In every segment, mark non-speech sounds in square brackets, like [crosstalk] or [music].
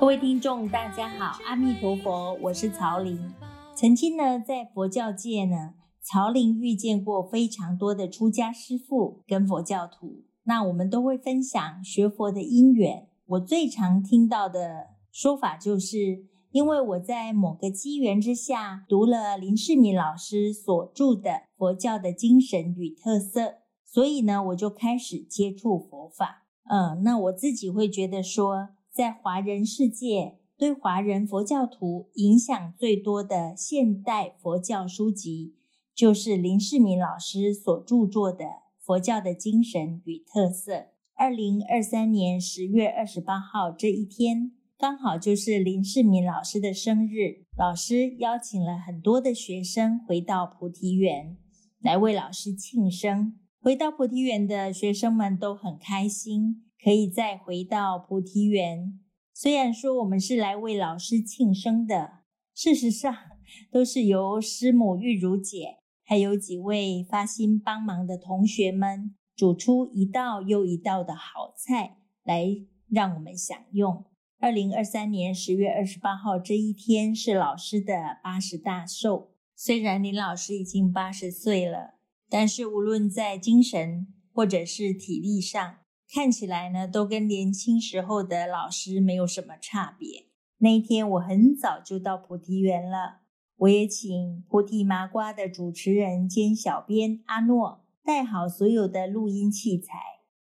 各位聽眾，大家好，阿彌陀佛，我是曹林。曾經呢，在佛教界呢，曹林遇見過非常多的出家師父跟佛教徒。那我們都會分享學佛的因緣。我最常聽到的說法，就是因為我在某個機緣之下，讀了林世敏老師所著的《佛教的精神與特色》。所以呢，我就開始接觸佛法。嗯，那我自己會覺得說，在華人世界，對華人佛教徒影響最多的現代佛教書籍，就是林世民老師所著作的《佛教的精神與特色》。二零二三年十月二十八號這一天，剛好就是林世民老師的生日。老師邀請了很多的學生回到菩提園，來為老師慶生。回到菩提園的學生們都很開心，可以再回到菩提園。雖然說我們是來為老師慶生的，事實上都是由師母玉如姐還有幾位發心幫忙的同學們煮出一道又一道的好菜來讓我們享用。二零二三年十月二十八號這一天是老師的八十大壽。雖然林老師已經八十歲了。但是，無論在精神或者是體力上，看起來呢，都跟年輕時候的老師沒有什麼差別。那一天我很早就到菩提園了，我也請菩提麻瓜的主持人兼小編阿諾帶好所有的錄音器材，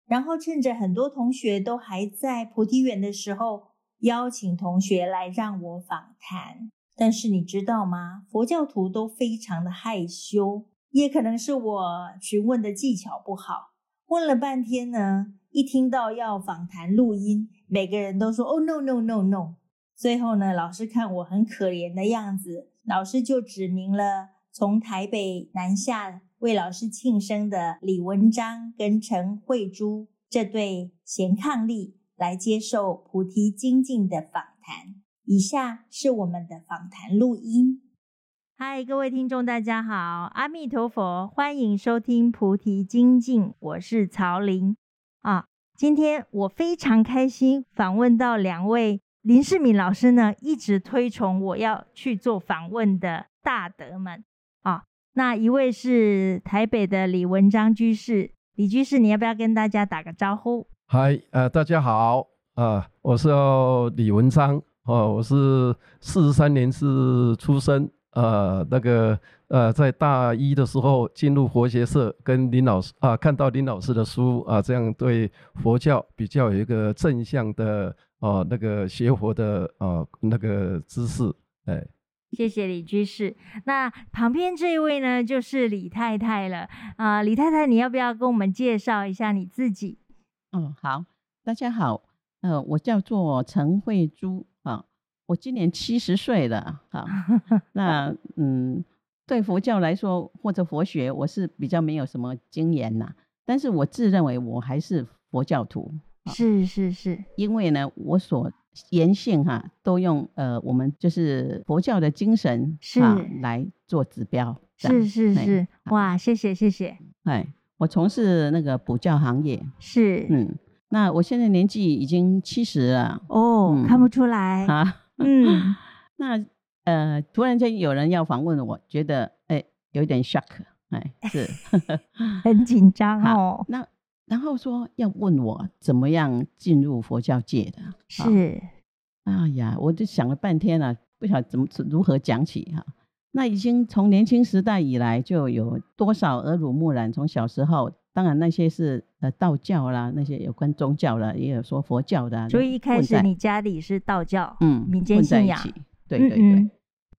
然後趁着很多同學都還在菩提園的時候，邀請同學來讓我訪談。但是你知道嗎？佛教徒都非常的害羞。也可能是我詢問的技巧不好，問了半天呢，一聽到要訪談錄音，每個人都說“哦，no no no no”。最後呢，老師看我很可憐的樣子，老師就指明了從台北南下為老師慶生的李文章跟陳慧珠這對賢伉儷來接受菩提精進的訪談。以下是我們的訪談錄音。嗨，Hi, 各位聽眾，大家好！阿彌陀佛，歡迎收聽《菩提精進》，我是曹林啊。今天我非常開心訪問到兩位林世敏老師呢，一直推崇我要去做訪問的大德們啊。那一位是台北的李文章居士，李居士，你要不要跟大家打個招呼？嗨，呃，大家好、呃、我是李文章，呃、我是四十三年是出生。呃，那個呃，在大一的時候進入佛學社，跟林老師啊、呃，看到林老師的書啊、呃，這樣對佛教比較有一個正向的啊、呃，那個學佛的啊、呃，那個姿勢，哎，謝謝李居士。那旁邊這一位呢，就是李太太了啊、呃，李太太，你要不要跟我們介紹一下你自己？嗯，好，大家好，呃，我叫做陳慧珠。我今年七十歲了啊，那嗯，對佛教來說或者佛學，我是比較沒有什麼經驗吶。但是我自認為我還是佛教徒，是是是，因為呢，我所言行哈都用呃我們就是佛教的精神啊來做指標，是是是，哇，謝謝謝謝，哎，我從事那個補教行業，是，嗯，那我現在年紀已經七十了哦，看不出來啊。嗯， [laughs] 那呃，突然間有人要訪問我，我覺得哎，有點 shock，哎，是，呵呵 [laughs] 很緊張哦。那然後說要問我怎麼樣進入佛教界的，是，哎、啊、呀，我就想了半天了、啊，不曉得怎麼，怎麼如何講起哈、啊。那已經從年輕時代以來就有多少耳濡目染，從小時候。當然，那些是呃道教啦，那些有關宗教啦，也有說佛教的，啊。所以一開始在你家裡是道教，嗯，民間信仰，一對，對對對。嗯嗯。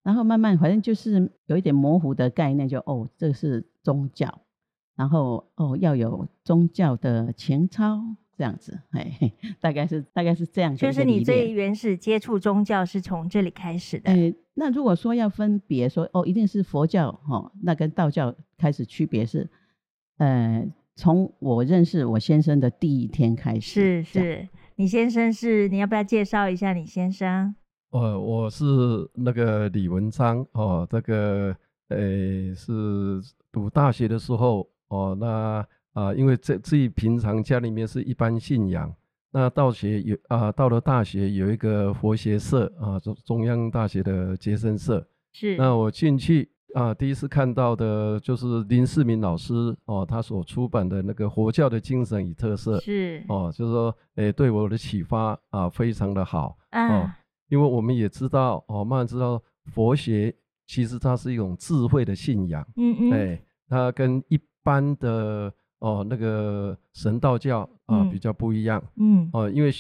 然後慢慢，反正就是有一點模糊的概念就，就哦，這是宗教，然後哦要有宗教的情操這樣子，哎，大概是大概是這樣。就是你最原始接觸宗教是從這裡開始的。哎，那如果說要分別說哦，一定是佛教哦，那跟道教開始區別是，呃。從我認識我先生的第一天開始，是是，樣你先生是，你要不要介紹一下你先生？呃，我是那個李文章哦，這個呃是讀大學的時候哦，那啊，因為這這一平常家裡面是一般信仰，那到學有啊，到了大學有一個佛學社啊，中中央大學的接生社，是那我進去。啊，第一次看到的就是林世民老師哦、啊，他所出版的那個《佛教的精神與特色》是哦、啊，就是說，哎、欸，對我的啟發啊非常的好哦、啊啊，因為我們也知道哦、啊，慢慢知道佛學其實它是一種智慧的信仰，嗯嗯，哎、欸，它跟一般的哦、啊、那個神道教啊、嗯、比較不一樣，嗯哦、啊，因為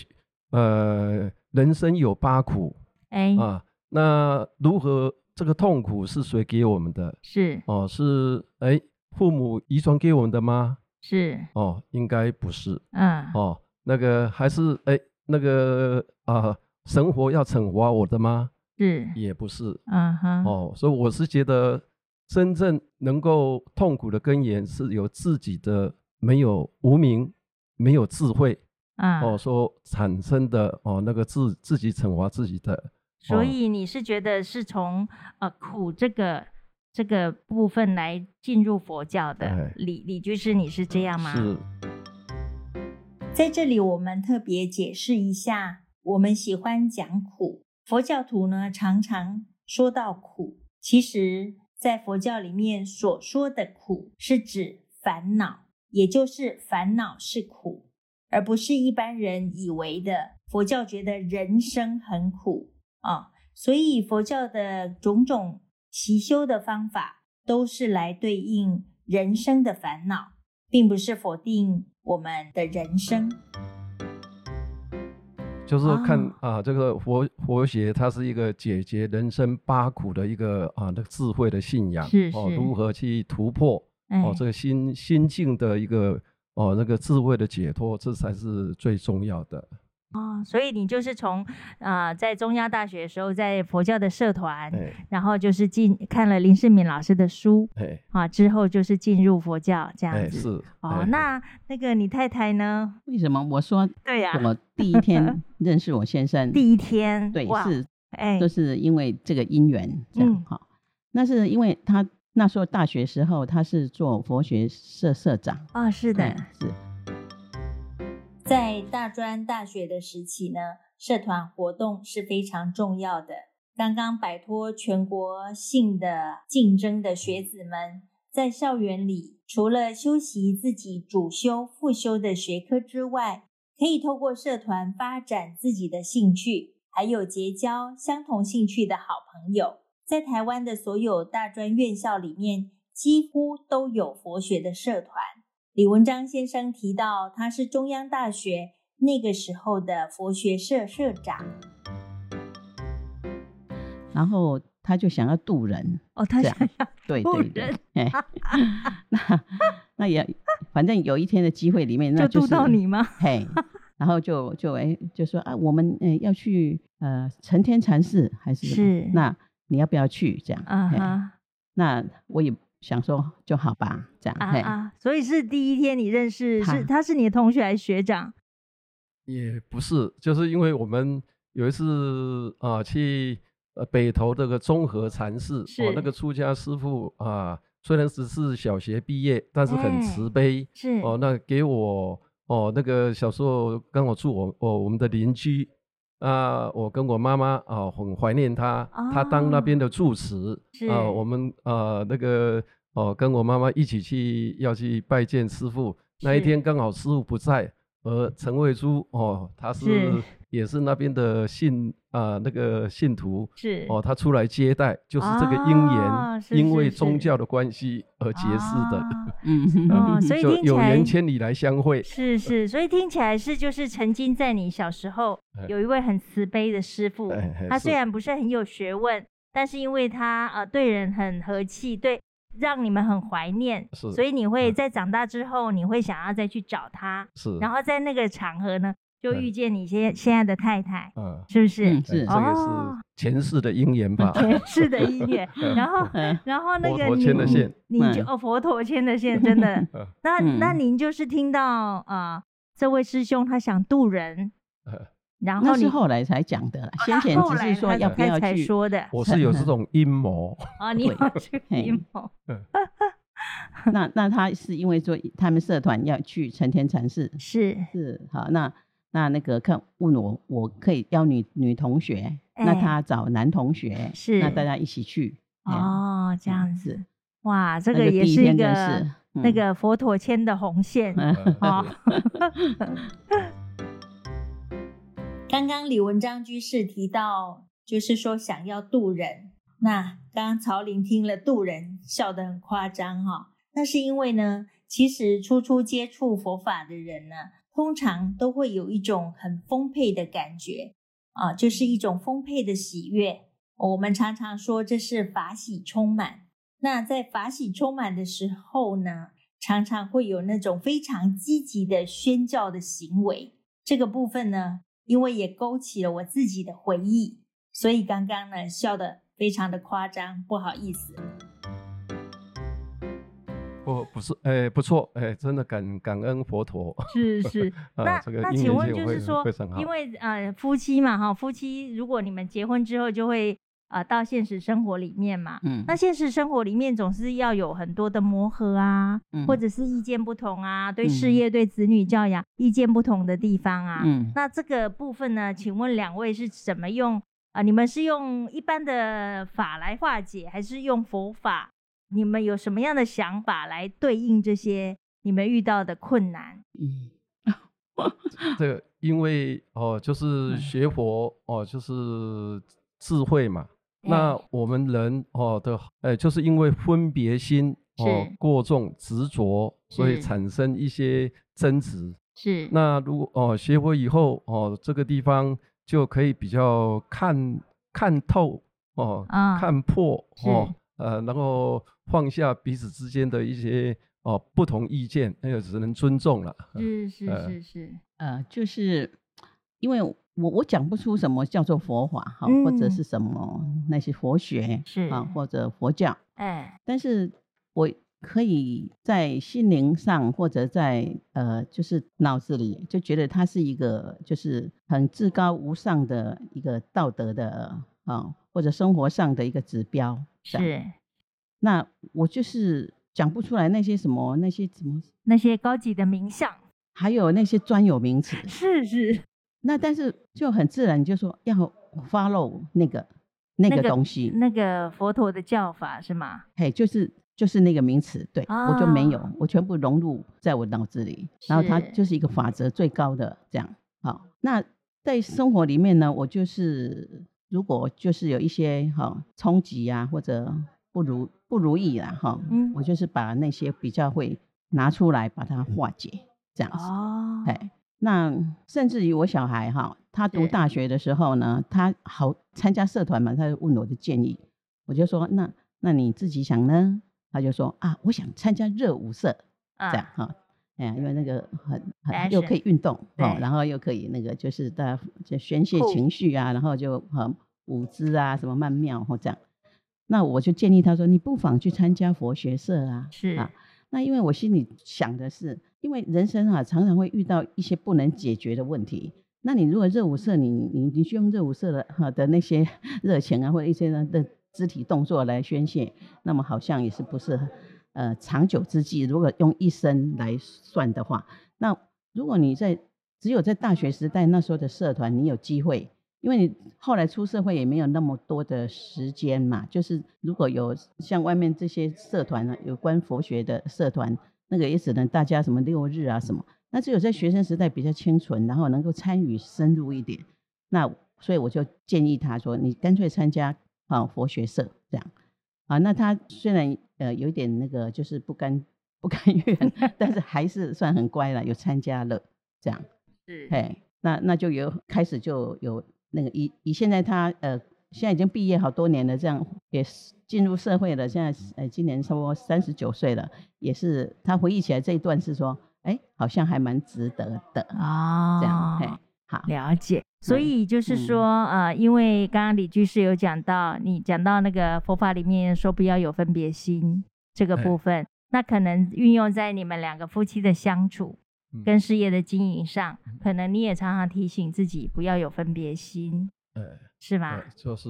呃，人生有八苦，哎、欸、啊，那如何？這個痛苦是誰給我們的？是哦，是哎，父母遺傳給我們的嗎？是哦，應該不是。嗯哦，那個還是哎，那個啊、呃，生活要懲罰我的嗎？是也不是。嗯哼、uh huh、哦，所以我是覺得，真正能夠痛苦的根源，是由自己的沒有無明，沒有智慧，啊、嗯、哦，所產生的哦，那個自自己懲罰自己的。所以你是覺得是從、哦、呃苦這個這個部分來進入佛教的，李、哎、李居士，你是這樣嗎？是。在這裡我們特別解釋一下，我們喜歡講苦，佛教徒呢常常說到苦，其實，在佛教裡面所說的苦是指煩惱，也就是煩惱是苦，而不是一般人以為的佛教覺得人生很苦。啊、哦，所以佛教的種種修習的方法，都是來對應人生的煩惱，並不是否定我們的人生。就是看、哦、啊，這個佛佛學，它是一個解決人生八苦的一個啊那個智慧的信仰，是、是、哦，如何去突破、哎、哦這個心心境的一個哦那個智慧的解脫，這才是最重要的。哦，所以你就是從啊，在中央大學的時候，在佛教的社團，然後就是進看了林世敏老師的書，啊之後就是進入佛教這樣子。是哦，那那個你太太呢？為什麼我說對呀？我第一天認識我先生，第一天對是哎，就是因為這個姻緣這樣哈，那是因為他那時候大學時候他是做佛學社社長哦，是的，是。在大專大學的時期呢，社團活動是非常重要的。剛剛擺脫全國性的競爭的學子們，在校園裡除了修習自己主修、副修的學科之外，可以透過社團發展自己的興趣，還有結交相同興趣的好朋友。在台灣的所有大專院校裡面，幾乎都有佛學的社團。李文章先生提到，他是中央大學那個時候的佛學社社長，然後他就想要渡人哦，他想要對對。對，那那也反正有一天的機會裡面， [laughs] 那就渡、是、到你嗎？ [laughs] 嘿，然後就就誒、哎，就說啊，我們誒、哎、要去呃承天禪寺還是是，那你要不要去？這樣啊、uh huh.，那我也。想說就好吧，這樣。啊，啊嘿所以是第一天你認識，他是他是你的同學還是學長？也不是，就是因為我們有一次啊，去、呃、北投這個綜合禪寺，我是哦那個出家師傅啊，雖然只是小學畢業，但是很慈悲，是、欸、哦那給我哦那個小時候跟我住我哦我，我們的鄰居。啊、呃，我跟我媽媽啊、呃，很懷念她，她當那邊的住持啊，我們啊、呃、那個哦、呃，跟我媽媽一起去要去拜見師父，是那一天剛好師父不在。而陳慧珠哦，他是，是也是那邊的信啊、呃，那個信徒是哦，他出來接待，就是這個因緣，啊、因為宗教的關係而結識的，嗯，所以有緣千里來相會，是是，所以聽起來是就是曾經在你小時候、呃、有一位很慈悲的師父，哎哎、他雖然不是很有學問，但是因為他呃對人很和氣，對。讓你們很懷念，所以你會在長大之後，你會想要再去找他，是。然後在那個場合呢，就遇見你現現在的太太，嗯，是不是？是哦，前世的姻緣吧，前世的姻緣。然後，然後那個你，你就哦，佛陀牽的線，真的。那那您就是聽到啊，這位師兄他想渡人。那是後來才講的，先前只是說要不要去。我是有這種陰謀啊，你有陰謀？那那他是因為說他們社團要去成天禪寺，是，是好。那那那個看問我，我可以邀女女同學，那他找男同學，是，那大家一起去。哦，這樣子，哇，這個也是一個那個佛陀牽的紅線。剛剛李文章居士提到，就是說想要渡人。那剛剛曹林聽了渡人，笑得很誇張哈、哦。那是因為呢，其實初初接觸佛法的人呢，通常都會有一種很豐沛的感覺啊，就是一種豐沛的喜悅。我們常常說這是法喜充滿。那在法喜充滿的時候呢，常常會有那種非常積極的宣教的行為。這個部分呢。因為也勾起了我自己的回憶，所以剛剛呢笑得非常的誇張，不好意思。不、哦、不是，哎，不錯，哎，真的感感恩佛陀。是是。 [laughs] 啊、那那請問就是說，因為呃夫妻嘛哈、哦，夫妻如果你們結婚之後就會。啊、呃，到現實生活裡面嘛，嗯，那現實生活裡面總是要有很多的磨合啊，嗯、或者是意見不同啊，嗯、對事業、對子女教養意見不同的地方啊，嗯，那這個部分呢，請問兩位是怎麼用啊、呃？你們是用一般的法來化解，還是用佛法？你們有什麼樣的想法來對應這些你們遇到的困難？嗯， [laughs] 這個因為哦、呃，就是學佛哦、呃，就是智慧嘛。那我們人哦的哎，就是因為分別心哦過重、執着，所以產生一些爭執。是。那如果哦學佛以後哦，這個地方就可以比較看看透哦，啊、看破哦，呃，然後放下彼此之間的一些哦不同意見，那就只能尊重了。是，是是是是。呃，呃、就是因為。我我講不出什麼叫做佛法哈，嗯、或者是什麼那些佛學是啊，或者佛教，嗯、但是我可以在心靈上或者在呃，就是腦子裡就覺得它是一個就是很至高無上的一個道德的啊，或者生活上的一個指標是。是，那我就是講不出來那些什麼那些什麼那些高級的名相，還有那些專有名詞是，是。是那但是就很自然，就說要 follow 那個、那個、那個東西，那個佛陀的教法是嗎？嘿，hey, 就是就是那個名詞，對、啊、我就沒有，我全部融入在我腦子裡，是然後它就是一個法則最高的這樣。好、哦，那在生活裡面呢，我就是如果就是有一些哈、哦、衝擊呀、啊，或者不如不如意啦，哈、哦，嗯、我就是把那些比較會拿出來把它化解這樣子，哦，嘿那甚至於我小孩哈、哦，他讀大學的時候呢，對他好參加社團嘛，他就問我的建議，我就說那那你自己想呢？他就說啊，我想參加熱舞社，啊、這樣哈、哦，因為那個很很是又可以運動對、哦、然後又可以那個就是大家就宣洩情緒啊，酷然後就很、啊、舞姿啊什麼曼妙或、哦、這樣。那我就建議他說，你不妨去參加佛學社啊。是啊。那、啊、因為我心裡想的是，因為人生啊，常常會遇到一些不能解決的問題。那你如果熱舞社你，你你你去用熱舞社的好、啊、的那些熱情啊，或一些人的肢體動作來宣泄，那麼好像也是不是呃長久之計。如果用一生來算的話，那如果你在只有在大學時代那時候的社團，你有機會。因為你後來出社會也沒有那麼多的時間嘛，就是如果有像外面這些社團呢，有關佛學的社團，那個也只能大家什麼六日啊什麼，那只有在學生時代比較清純，然後能夠參與深入一點，那所以我就建議他說，你乾脆參加啊佛學社這樣，啊，那他雖然呃有點那個就是不甘不甘願，但是還是算很乖了，有參加了這樣，是哎，那那就有開始就有。那個以以現在他呃，現在已經畢業好多年了，這樣也是進入社會了。現在呃，今年差不多三十九歲了，也是他回憶起來這一段是說，哎、欸，好像還蠻值得的哦。這樣，哎，好，了解。所以就是說，嗯、呃，因為剛剛李居士有講到，嗯、你講到那個佛法裡面說不要有分別心、嗯、這個部分，嗯、那可能運用在你們兩個夫妻的相處。跟事業的經營上，可能你也常常提醒自己不要有分別心，呃、嗯，是嗎、呃？就是，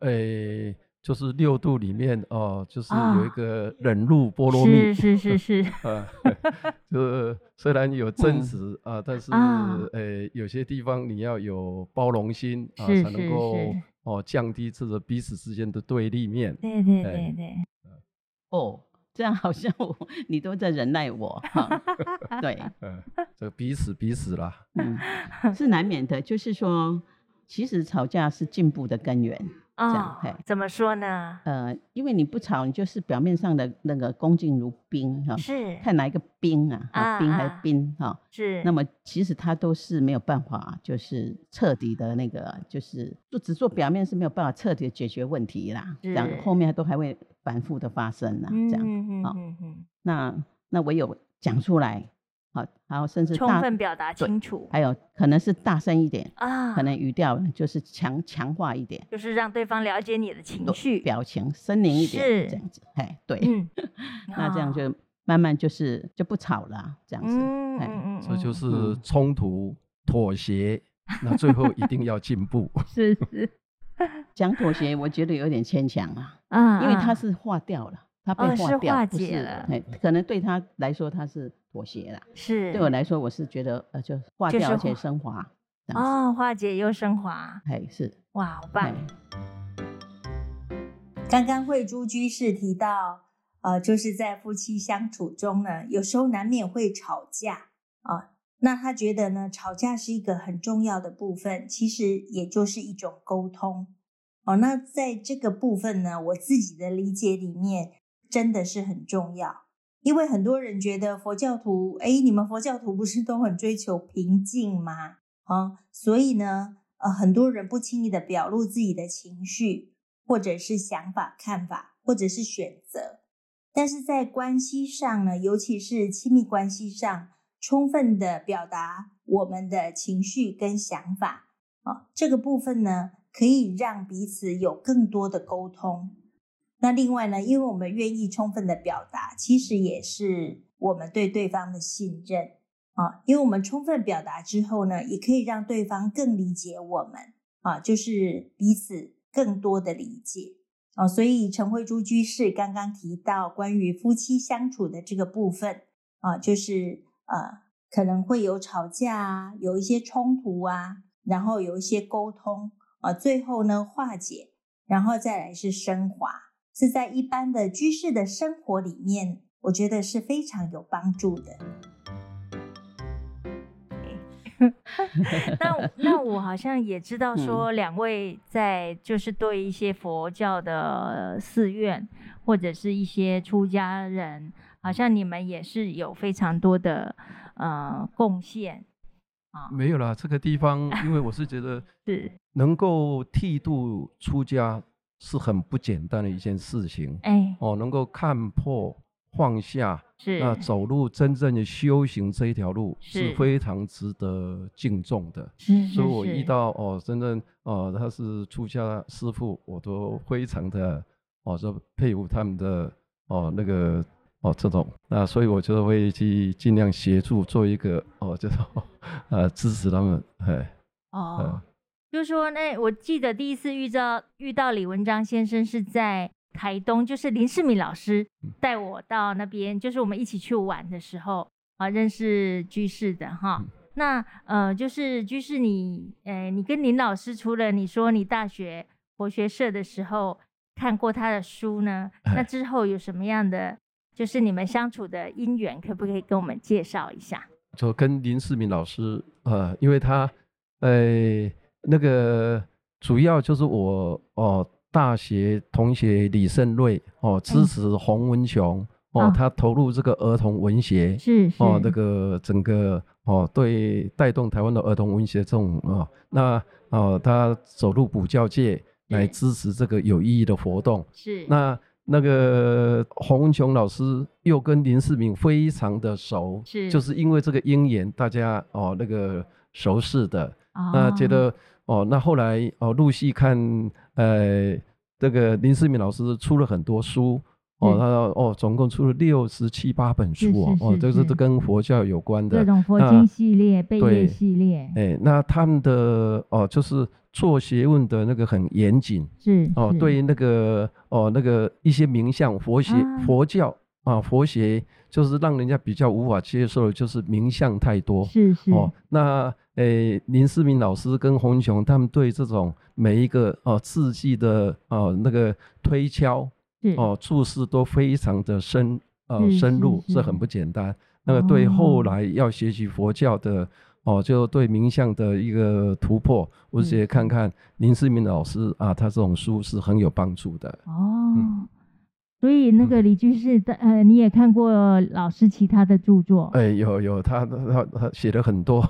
呃，就是六度裡面哦、呃，就是有一個忍辱波羅蜜，哦、是是是是呵呵，呃， [laughs] 就是雖然有爭執啊，但是、哦、呃，有些地方你要有包容心啊，呃、才能夠哦、呃、降低這個彼此之間的對立面，對對對對，呃、哦。這樣好像我你都在忍耐我，嗯， [laughs] 對，這彼此彼此了，是難免的，就是說，其實吵架是進步的根源。這、哦、嘿怎麼說呢？呃，因為你不吵，你就是表面上的那個恭敬如冰哈，哦、是看哪一個冰啊？哦、啊冰還是冰哈？哦、是，那麼其實他都是沒有辦法，就是徹底的那個，就是就只做表面是沒有辦法徹底的解決問題啦。這樣是後面還都還會反復的發生啦、啊。這樣，嗯哼哼哼、哦。那那唯有講出來。好，然後甚至充分表達清楚，還有可能是大聲一點啊，可能語調就是強強化一點，就是讓對方了解你的情緒、表情，猙獰一點，是這樣子，哎，對，那這樣就慢慢就是就不吵了，這樣子，嗯這所以就是衝突、妥協，那最後一定要進步，是是，講妥協，我覺得有點牽強啊，啊，因為它是化掉了。他被化，哦、是化解了，可能對他來說他是妥協了。是，對我來說，我是覺得呃，就化解而且升華。哦，化解又升華，哎，是，哇，好棒！嘿剛剛慧珠居士提到，呃，就是在夫妻相處中呢，有時候難免會吵架啊、呃。那他覺得呢，吵架是一個很重要的部分，其實也就是一種溝通。哦，呃，那在這個部分呢，我自己的理解裡面。真的是很重要，因為很多人覺得佛教徒，哎，你們佛教徒不是都很追求平靜嗎？啊、哦，所以呢，呃，很多人不輕易地表露自己的情緒，或者是想法、看法，或者是選擇。但是在關係上呢，尤其是親密關係上，充分的表達我們的情緒跟想法，啊、哦，這個部分呢，可以讓彼此有更多的溝通。那另外呢，因為我們願意充分的表達，其實也是我們對對方的信任啊。因為我們充分表達之後呢，也可以讓對方更理解我們啊，就是彼此更多的理解啊。所以陳慧珠居士剛剛提到關於夫妻相處的這個部分啊，就是呃、啊、可能會有吵架啊，有一些衝突啊，然後有一些溝通啊，最後呢化解，然後再來是升華。是在一般的居士的生活裡面，我覺得是非常有幫助的。Okay. [laughs] 那那我好像也知道，說兩位在就是對一些佛教的寺院、嗯、或者是一些出家人，好像你們也是有非常多的呃貢獻。沒有啦，這個地方，因為我是覺得 [laughs] 是能夠剃度出家。是很不簡單的一件事情，哎、欸，哦，能夠看破放下，是那走路真正的修行這一條路是非常值得敬重的，所以我遇到哦，真正哦，他是出家師父，我都非常的哦，就佩服他們的哦那個哦這種，那所以我就會去盡量協助做一個哦這種呃支持他們，嘿，哦。就是說，那我記得第一次遇到遇到李文章先生是在台東，就是林世敏老師帶我到那邊，嗯、就是我們一起去玩的時候啊，認識居士的哈。嗯、那呃，就是居士你，呃，你跟林老師除了你說你大學佛學社的時候看過他的書呢，唉那之後有什麼樣的就是你們相處的因緣，可不可以跟我們介紹一下？就跟林世敏老師呃，因為他呃。哎那個主要就是我哦，大學同學李勝瑞哦支持洪文瓊哦，他、哦、投入這個兒童文學、嗯、是，是哦，那個整個哦對帶動台灣的兒童文學這種啊、哦，那哦他走入補教界來支持這個有意義的活動是，那那個洪文瓊老師又跟林世民非常的熟，是，就是因為這個因緣大家哦那個熟識的、哦、那覺得。哦，那後來哦，陸續看，呃，這個林世敏老師出了很多書，是哦，他說哦，總共出了六十七八本書啊、哦，是是是是哦，這是跟佛教有關的，各種佛經系列、背念那系列。哎、欸，那他們的哦，就是做學問的那個很嚴謹，是，是哦，對於那個哦，那個一些名相、啊哦，佛學、佛教啊，佛學。就是讓人家比較無法接受的，就是名相太多。是是哦，那誒、欸，林世民老師跟洪雄他們對這種每一個哦、呃、字跡的哦、呃、那個推敲哦是、呃、注釋都非常的深哦、呃、深入，是很不簡單。是是那個對後來要學習佛教的哦，哦，就對名相的一個突破，我直接看看林世民老師是啊，他這種書是很有幫助的哦。嗯所以那個李居士的呃，你也看過老師其他的著作？哎，有有，他他他寫了很多，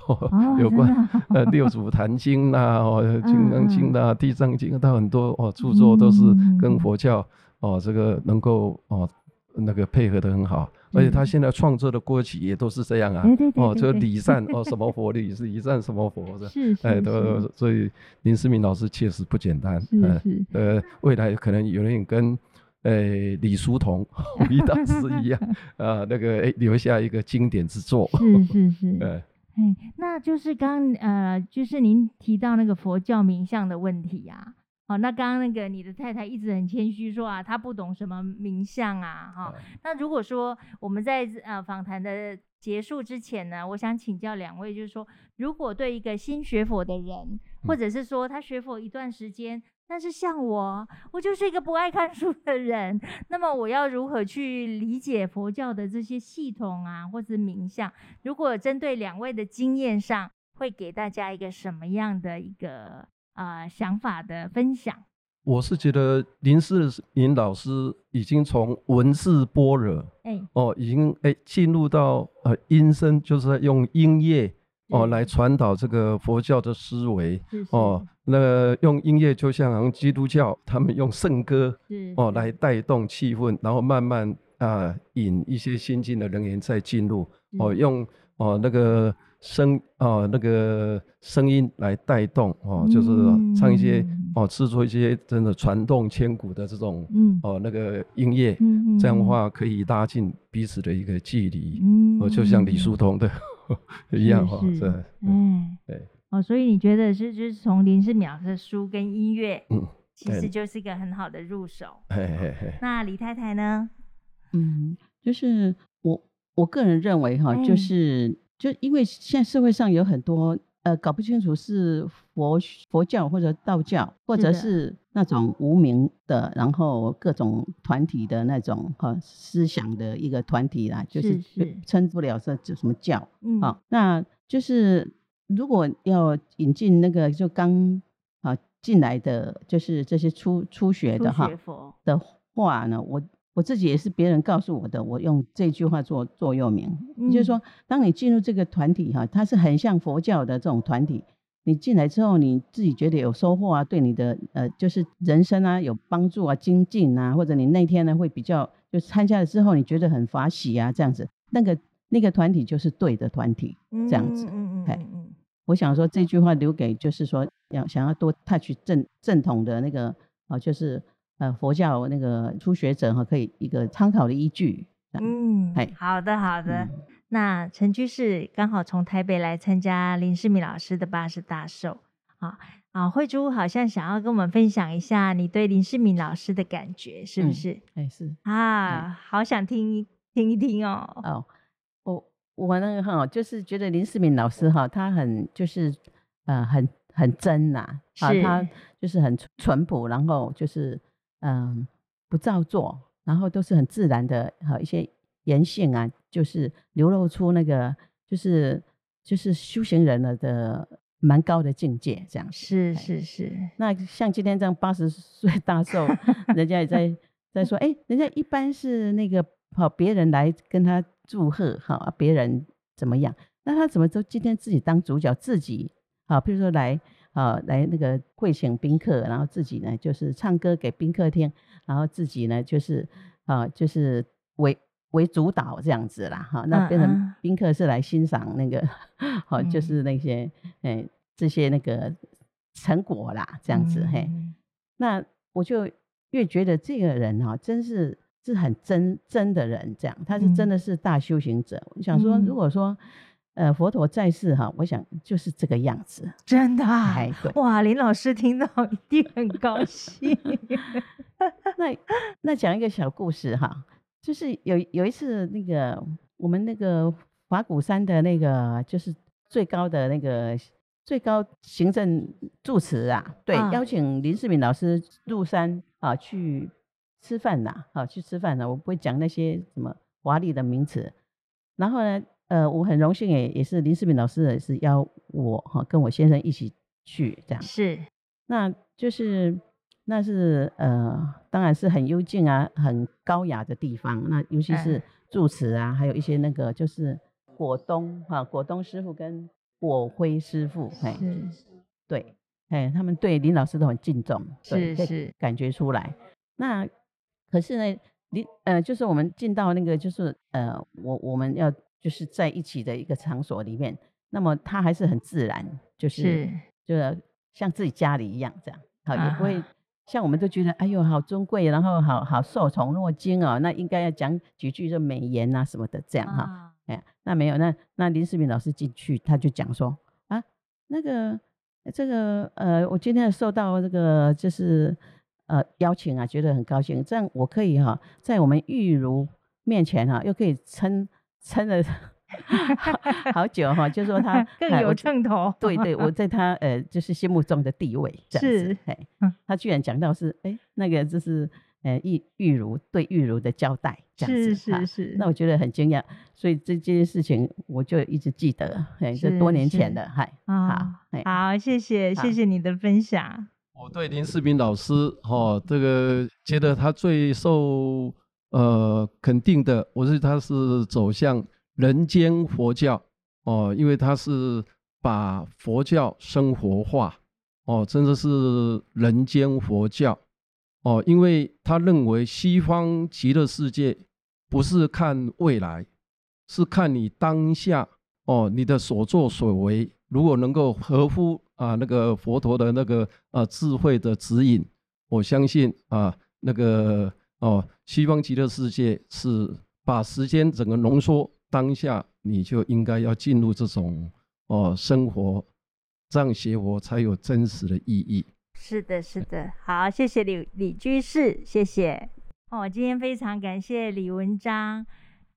有關呃《六祖壇經》吶，《金剛經》吶，《地藏經》，他很多哦，著作都是跟佛教哦，這個能夠哦那個配合得很好。而且他現在創作的歌曲也都是這樣啊，哦，這個禮讚哦，什麼佛禮，是禮讚什麼佛的，哎，都所以林世明老師確實不簡單，嗯，呃，未來可能有人跟。誒、哎，李叔同、弘一大師一樣、啊、呃、 [laughs] 啊，那個誒、哎，留下一個經典之作。 [laughs] 是是是。誒、哎哎，那就是剛，剛呃，就是您提到那個佛教名相的問題啊。好、哦，那剛剛那個你的太太一直很謙虛說啊，她不懂什麼名相啊，哈、哦。哎、那如果說我們在呃訪談的結束之前呢，我想請教兩位，就是說，如果對一個新學佛的人，或者是說他學佛一段時間。嗯但是像我，我就是一個不愛看書的人。那麼我要如何去理解佛教的這些系統啊，或者名相？如果針對兩位的經驗上，會給大家一個什麼樣的一個呃想法的分享？我是覺得林世明老師已經從文字般若哎哦，已經哎進入到呃音聲，就是用音樂是哦來傳導這個佛教的思維是哦。那用音樂就像,好像基督教，他們用聖歌哦來帶動氣氛，然後慢慢啊、呃、引一些先進的人員再進入哦，用哦、呃、那個聲哦、呃、那個聲音來帶動哦，就是唱一些哦、嗯呃、制作一些真的傳頌千古的這種哦、嗯呃、那個音樂，嗯嗯這樣的話可以拉近彼此的一個距離，哦、嗯嗯呃，就像李叔同的一樣哈、哦，這嗯哦，所以你覺得是就是從林志淼的書跟音樂，嗯，其實就是一個很好的入手。那李太太呢？嗯，就是我我個人認為哈、哦、嗯、就是就因為現在社會上有很多呃搞不清楚是佛佛教或者道教，的或者是那種無名的，好然後各種團體的那種哈、哦、思想的一個團體啦，是是就是稱不了什叫什麼教，嗯哦、那就是。如果要引進那個就剛啊進來的，就是這些初初學的哈，學佛的話呢，我我自己也是別人告訴我的，我用這句話做座右銘，就是說，當你進入這個團體哈，它是很像佛教的這種團體，你進來之後你自己覺得有收穫啊，對你的呃就是人生啊有幫助啊、精進啊，或者你那天呢會比較就參加了之後你覺得很法喜啊這樣子，那個那個團體就是對的團體這樣子。嗯嗯我想說這句話留給就是說，要想要多他去正正統的那個、啊，就是呃佛教那個初學者哈、啊，可以一個參考的依據。嗯，嗯對好，好的好的。嗯，那陳居士剛好從台北來參加林世敏老師的八十大壽啊，啊，慧珠好像想要跟我們分享一下你對林世敏老師的感覺是不是？哎，嗯，欸，是啊，欸，好想聽聽一聽哦。哦。我那個哈，就是覺得林世敏老師哈，他很就是呃，很很真吶，啊，是他就是很淳樸，然後就是嗯、呃，不造作，然後都是很自然的哈、呃，一些人性啊，就是流露出那個就是就是修行人了的蠻高的境界這樣。是是是。那像今天這樣八十歲大壽， [laughs] 人家也在在說，哎、欸，人家一般是那個跑別人來跟他。祝賀哈別人怎麼樣？那他怎麼都今天自己當主角，自己啊，比如說來啊來那個會請賓客，然後自己呢就是唱歌給賓客聽，然後自己呢就是啊就是為為主導這樣子啦哈，那變成賓客是來欣賞那個哈、啊，就是那些哎這些那個成果啦這樣子嘿，那我就越覺得這個人哈真是。是很真真的人，這樣，他是真的是大修行者。嗯、我想說，如果說，呃，佛陀在世哈、啊，我想就是這個樣子，真的、啊。哎、對哇，林老師聽到一定很高興。 [laughs] [laughs] 那那講一個小故事哈、啊，就是有有一次那個我們那個法鼓山的那個就是最高的那個最高行政住持啊，對，啊、邀請林世敏老師入山啊去。吃飯吶、啊，好去吃飯呢、啊。我不會講那些什麼華麗的名詞。然後呢，呃，我很榮幸也也是林世敏老師也是邀我哈、啊、跟我先生一起去這樣。是，就是，那就是那是呃，當然是很幽靜啊，很高雅的地方。那尤其是住持啊，欸、還有一些那個就是果東哈、啊、果東師傅跟果輝師傅，嘿，是是對，哎，他們對林老師都很敬重，對是是，感覺出來。那可是呢，你呃，就是我們進到那個，就是呃，我我們要就是在一起的一個場所裡面，那麼他還是很自然，就是，是就是像自己家裡一樣這樣，好、啊、也不會像我們都覺得哎呦好尊貴，然後好好受寵若驚哦，那應該要講幾句就美言啊什麼的這樣哈，哎、啊啊，那沒有，那那林世平老師進去他就講說啊，那個這個呃，我今天受到這個就是。呃，邀請啊，覺得很高興，這樣我可以哈、啊，在我們玉如面前哈、啊，又可以撐撐了好，好久哈、啊， [laughs] 就說他 [laughs] 更有稱秤頭、哎，對對，我在他呃，就是心目中的地位這樣子是，他居然講到是哎、欸，那個就是呃玉玉如對玉如的交代這樣子，是是是、啊，那我覺得很驚訝，所以這件事情我就一直記得，哎，是多年前的，嗨、哦，好，好，謝謝好謝謝你的分享。我對林世斌老師，哈、哦，這個覺得他最受呃肯定的，我是他是走向人間佛教哦，因為他是把佛教生活化哦，真的是人間佛教哦，因為他認為西方極樂世界不是看未來，是看你當下哦，你的所作所為如果能夠合乎。啊，那個佛陀的那個啊智慧的指引，我相信啊，那個哦，西方極樂世界是把時間整個濃縮當下，你就應該要進入這種哦生活，這樣學佛才有真實的意義。是的，是的，好，謝謝李李居士，謝謝哦，今天非常感謝李文章。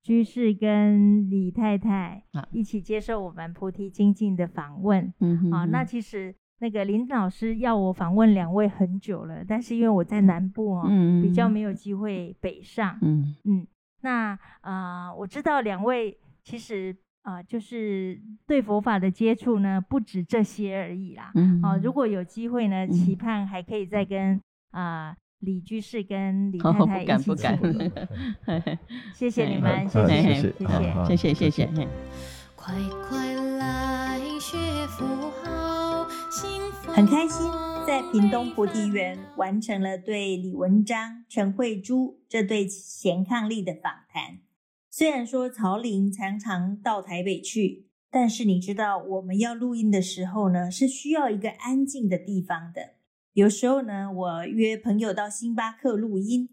居士跟李太太一起接受我們菩提精進的訪問，嗯、啊，好、啊，那其實那個林老師要我訪問兩位很久了，但是因為我在南部哦，嗯、比較沒有機會北上，嗯，嗯那啊、呃、我知道兩位其實啊、呃、就是對佛法的接觸呢不止這些而已啦、嗯啊，如果有機會呢，期盼還可以再跟啊。呃李居士跟李太太，oh, 不敢，起立。親 [laughs] 謝謝你們， [laughs] [laughs] 謝謝，謝謝，謝謝，謝謝。很開心在屏東菩提園完成了對李文章、陳慧珠這對賢伉儷的訪談。雖然說曹玲常常到台北去，但是你知道我們要錄音的時候呢，是需要一個安靜的地方的。有時候呢，我約朋友到星巴克錄音，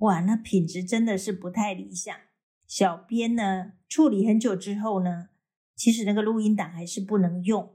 哇，那品質真的是不太理想。小編呢，處理很久之後呢，其實那個錄音檔還是不能用，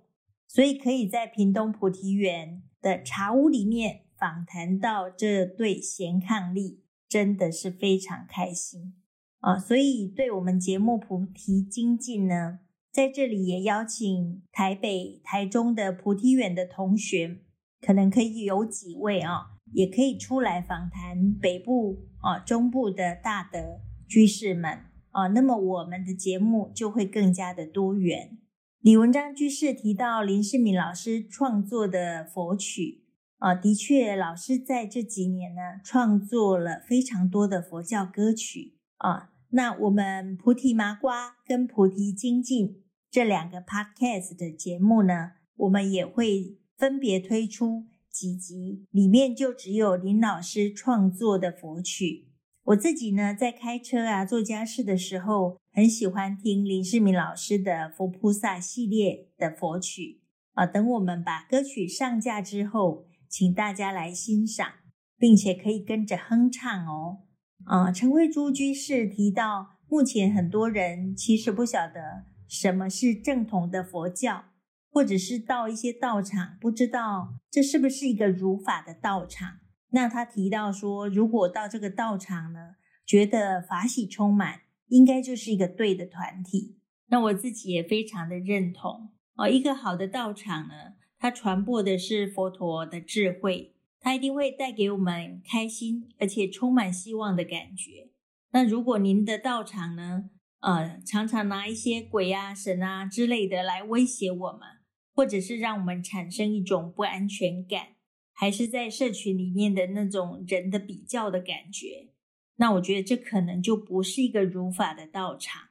所以可以在屏東菩提園的茶屋裡面訪談到這對賢伉儷，真的是非常開心啊！所以對我們節目菩提精進呢，在這裡也邀請台北、台中的菩提園的同學，可能可以有幾位啊，也可以出來訪談北部啊、中部的大德居士們啊，那麼我們的節目就會更加的多元。李文章居士提到林世敏老師創作的佛曲啊，的確，老師在這幾年呢創作了非常多的佛教歌曲啊。那我們菩提麻瓜跟菩提精進這兩個 podcast 的節目呢，我們也會。分別推出幾集，裡面就只有林老師創作的佛曲。我自己呢，在開車啊、做家事的時候，很喜歡聽林世民老師的佛菩薩系列的佛曲啊。等我們把歌曲上架之後，請大家來欣賞，並且可以跟着哼唱哦。啊，陳慧珠居士提到，目前很多人其實不曉得什麼是正統的佛教。或者是到一些道場，不知道這是不是一個如法的道場？那他提到說，如果到這個道場呢，覺得法喜充滿，應該就是一個對的團體。那我自己也非常的認同哦。一個好的道場呢，它傳播的是佛陀的智慧，它一定會帶給我們開心而且充滿希望的感覺。那如果您的道場呢，呃，常常拿一些鬼啊、神啊之類的來威脅我們。或者是讓我們產生一種不安全感，還是在社群裡面的那種人的比較的感覺，那我覺得這可能就不是一個如法的道場。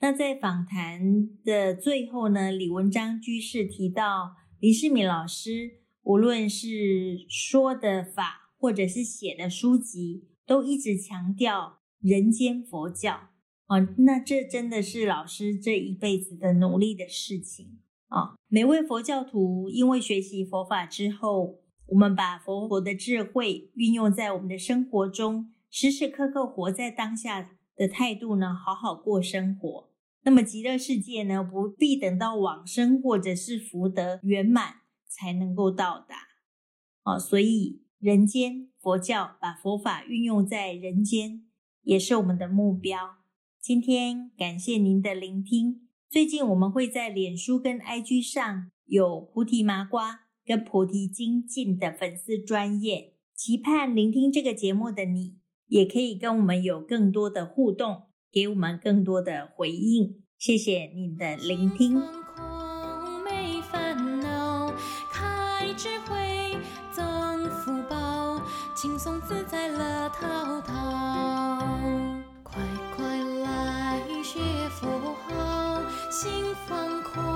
那在訪談的最後呢，李文章居士提到，李世敏老師無論是說的法，或者是寫的書籍，都一直強調人間佛教。哦，那這真的是老師這一輩子的努力的事情。啊、哦，每位佛教徒，因為學習佛法之後，我們把佛陀的智慧運用在我們的生活中，時時刻刻活在當下的態度呢，好好過生活。那麼極樂世界呢，不必等到往生或者是福德圓滿才能夠到達啊、哦。所以人間佛教把佛法運用在人間，也是我們的目標。今天感謝您的聆聽。最近我們會在臉書跟 IG 上有菩提麻瓜跟菩提精進的粉絲專頁。期盼聆聽這個節目的你，也可以跟我們有更多的互動，給我們更多的回應。謝謝你的聆聽。開智慧，增福報，輕鬆自在樂陶陶。心放寬。